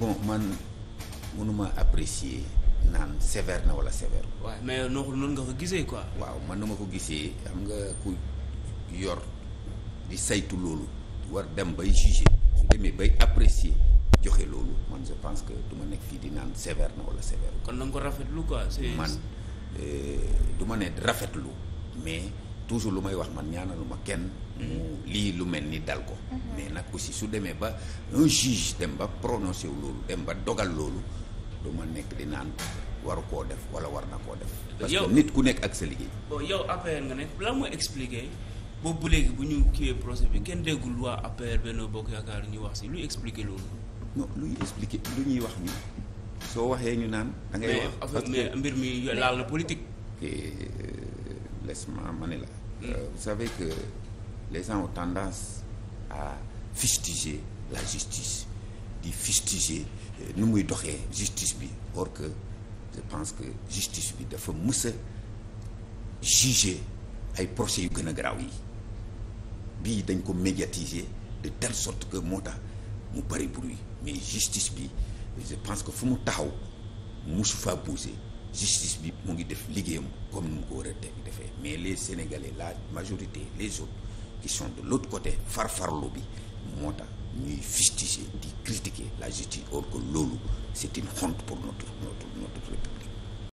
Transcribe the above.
bon man mënuma apprécier naan sévère na wala sévère. waaw mais noonu nga ko gisee quoi. waaw man na ma ko gisee xam nga ku yor di saytu loolu war dem bay juger su demee bay apprécier joxe loolu man je pense que du ma nekk fii di naan sévère na wala sévère. kon na nga ko rafetlu quoi. man euh, du ma ne rafetlu mais. toujours lu may wax man ñaanaluma kenn mm-hmm. mu lii lu mel ni dal ko mm-hmm. mais nag aussi su demee ba un juge dem ba prononcé wu loolu dem ba dogal loolu du ma nekk di naan waru koo def wala war na koo def parce que nit ku nekk ak sa liggéey bon yow APR nga nekk boobu bu léegi bu ñu kiiwee procès bi kenn déggul waa APR Benno Bokk Yaakaar ñu wax si luy expliquer loolu non luy expliquer lu ñuy wax ni soo waxee ñu naan da wax mais mbir mi laal na politique euh, laisse-moi Manela euh, vous savez que les gens ont tendance à fustiger la justice di fustiger euh, ni muy doxee justice bi or que je pense que justice bi dafa mës a juger ay procès yu gën a garaaw yi bii dañ ko médiatiser de telle sorte que moo tax mu bari bruit mais justice bi je pense que fu mu taxaw musu faa bouger justice bi mu ngi def liggéeyam comme ni mu ko war a defee mais les sénégalais la majorité les autres qui sont de l'autre côté farfarlo bi moo tax ñuy fustiger di critiquer la justice or que loolu c'est une honte pour notre